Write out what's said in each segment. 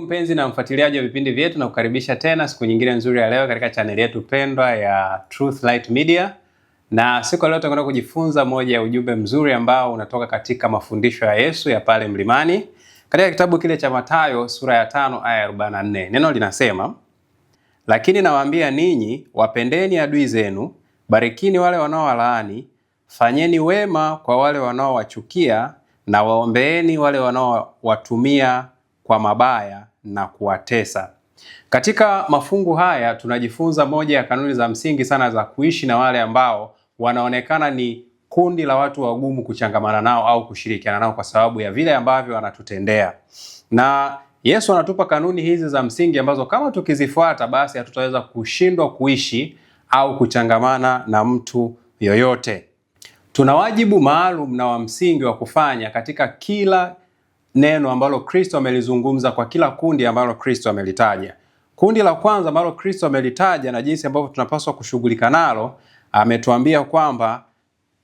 Mpenzi na mfuatiliaji wa vipindi vyetu na kukaribisha tena siku nyingine nzuri ya leo katika chaneli yetu pendwa ya Truth Light Media, na siku leo tutakwenda kujifunza moja ya ujumbe mzuri ambao unatoka katika mafundisho ya Yesu ya pale mlimani katika kitabu kile cha Mathayo sura ya tano aya ya 44. Neno linasema, lakini nawaambia ninyi, wapendeni adui zenu, barikini wale wanaowalaani, fanyeni wema kwa wale wanaowachukia, na waombeeni wale wanaowatumia kwa mabaya na kuwatesa. Katika mafungu haya tunajifunza moja ya kanuni za msingi sana za kuishi na wale ambao wanaonekana ni kundi la watu wagumu kuchangamana nao au kushirikiana nao kwa sababu ya vile ambavyo wanatutendea. Na Yesu anatupa kanuni hizi za msingi ambazo kama tukizifuata basi hatutaweza kushindwa kuishi au kuchangamana na mtu yoyote. Tuna wajibu maalum na wa msingi wa kufanya katika kila neno ambalo Kristo amelizungumza kwa kila kundi ambalo Kristo amelitaja. Kundi la kwanza ambalo Kristo amelitaja na jinsi ambavyo tunapaswa kushughulika nalo, ametuambia kwamba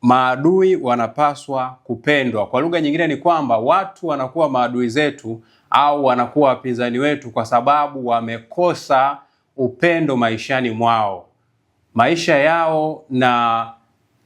maadui wanapaswa kupendwa. Kwa lugha nyingine ni kwamba watu wanakuwa maadui zetu au wanakuwa wapinzani wetu kwa sababu wamekosa upendo maishani mwao. Maisha yao na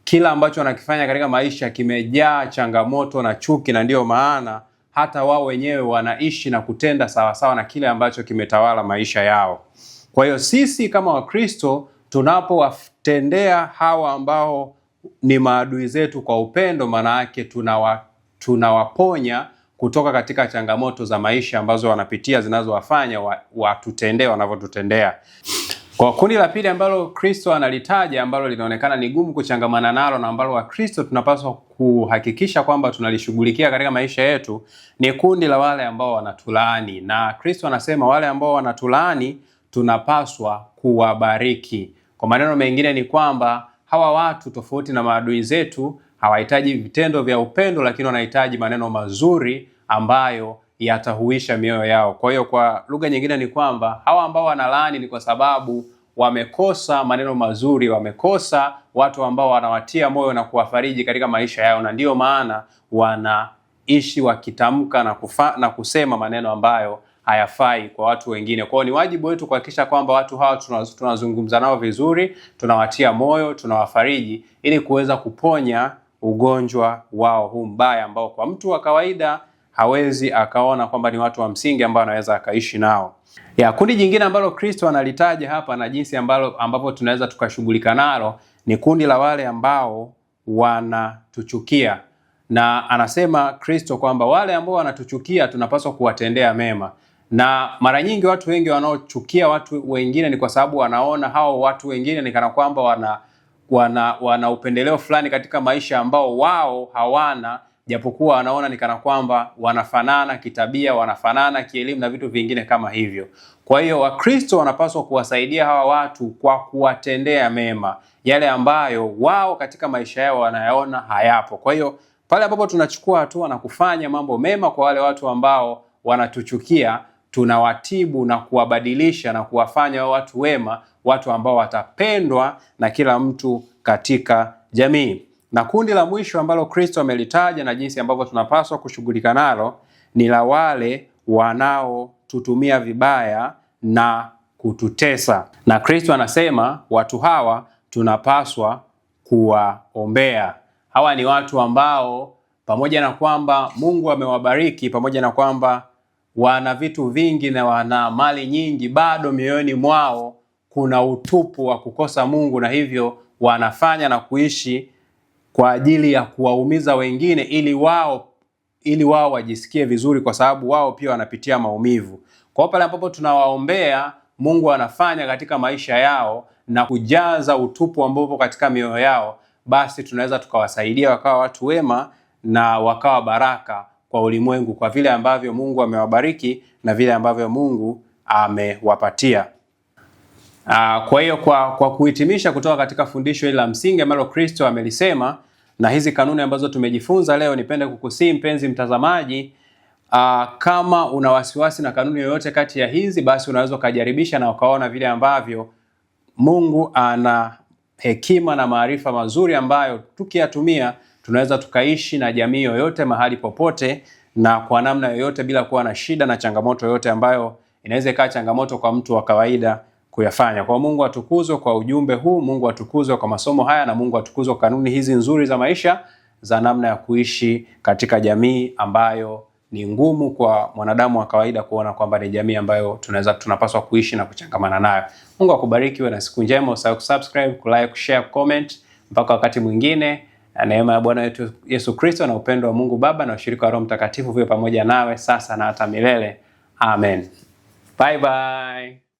kila ambacho wanakifanya katika maisha kimejaa changamoto na chuki, na ndiyo maana hata wao wenyewe wanaishi na kutenda sawasawa sawa na kile ambacho kimetawala maisha yao. Kwa hiyo sisi kama Wakristo tunapowatendea hawa ambao ni maadui zetu kwa upendo, maana yake tunawa tunawaponya kutoka katika changamoto za maisha ambazo wanapitia zinazowafanya watutendee wanavyotutendea. Kwa kundi la pili ambalo Kristo analitaja ambalo linaonekana ni gumu kuchangamana nalo na ambalo Wakristo tunapaswa kuhakikisha kwamba tunalishughulikia katika maisha yetu ni kundi la wale ambao wanatulaani, na Kristo anasema wale ambao wanatulaani tunapaswa kuwabariki. Kwa maneno mengine ni kwamba hawa watu tofauti na maadui zetu hawahitaji vitendo vya upendo, lakini wanahitaji maneno mazuri ambayo yatahuisha mioyo yao. Kwa hiyo kwa lugha nyingine ni kwamba hawa ambao wanalaani ni kwa sababu wamekosa maneno mazuri, wamekosa watu ambao wanawatia moyo na kuwafariji katika maisha yao, na ndiyo maana wanaishi wakitamka na, kufa, na kusema maneno ambayo hayafai kwa watu wengine. Kwao ni wajibu wetu kuhakikisha kwamba watu hawa tunazungumza nao vizuri, tunawatia moyo, tunawafariji ili kuweza kuponya ugonjwa wao huu mbaya ambao kwa mtu wa kawaida hawezi akaona kwamba ni watu wa msingi ambao anaweza akaishi nao. Ya, kundi jingine ambalo Kristo analitaja hapa na jinsi ambalo ambapo tunaweza tukashughulika nalo ni kundi la wale ambao wanatuchukia, na anasema Kristo kwamba wale ambao wanatuchukia tunapaswa kuwatendea mema. Na mara nyingi watu wengi wanaochukia watu wengine ni kwa sababu wanaona hao watu wengine ni kana kwamba wana wana wana upendeleo fulani katika maisha ambao wao hawana japokuwa wanaona ni kana kwamba wanafanana kitabia, wanafanana kielimu na vitu vingine kama hivyo. Kwa hiyo Wakristo wanapaswa kuwasaidia hawa watu kwa kuwatendea mema yale ambayo wao katika maisha yao wanayaona hayapo. Kwa hiyo pale ambapo tunachukua hatua na kufanya mambo mema kwa wale watu ambao wanatuchukia, tunawatibu na kuwabadilisha na kuwafanya watu wema, watu ambao watapendwa na kila mtu katika jamii. Na kundi la mwisho ambalo Kristo amelitaja na jinsi ambavyo tunapaswa kushughulika nalo ni la wale wanaotutumia vibaya na kututesa. Na Kristo anasema watu hawa tunapaswa kuwaombea. Hawa ni watu ambao pamoja na kwamba Mungu amewabariki, pamoja na kwamba wana vitu vingi na wana mali nyingi, bado mioyoni mwao kuna utupu wa kukosa Mungu, na hivyo wanafanya na kuishi kwa ajili ya kuwaumiza wengine ili wao ili wao wajisikie vizuri, kwa sababu wao pia wanapitia maumivu. Kwa hiyo pale ambapo tunawaombea, Mungu anafanya katika maisha yao na kujaza utupu ambao katika mioyo yao, basi tunaweza tukawasaidia wakawa watu wema na wakawa baraka kwa ulimwengu, kwa vile ambavyo Mungu amewabariki na vile ambavyo Mungu amewapatia. Uh, kwa hiyo kwa, kwa kuhitimisha kutoka katika fundisho hili la msingi ambalo Kristo amelisema na hizi kanuni ambazo tumejifunza leo, nipende kukusii mpenzi mtazamaji, uh, kama una wasiwasi na kanuni yoyote kati ya hizi, basi unaweza ukajaribisha na ukaona vile ambavyo Mungu ana hekima na maarifa mazuri ambayo tukiyatumia tunaweza tukaishi na jamii yoyote mahali popote na kwa namna yoyote bila kuwa na shida na changamoto yoyote ambayo inaweza ikawa changamoto kwa mtu wa kawaida kuyafanya. Kwa Mungu atukuzwe kwa ujumbe huu, Mungu atukuzwe kwa masomo haya, na Mungu atukuzwe kwa kanuni hizi nzuri za maisha za namna ya kuishi katika jamii ambayo ni ngumu kwa mwanadamu wa kawaida kuona kwamba ni jamii ambayo tunaweza tunapaswa kuishi na kuchangamana nayo. Mungu akubariki, uwe na siku njema. Usahau kusubscribe, kulike, kushare, comment. Mpaka wakati mwingine, na neema ya Bwana wetu Yesu Kristo na upendo wa Mungu Baba na ushirika wa Roho Mtakatifu viwe pamoja nawe sasa na hata milele. Amen. Bye bye.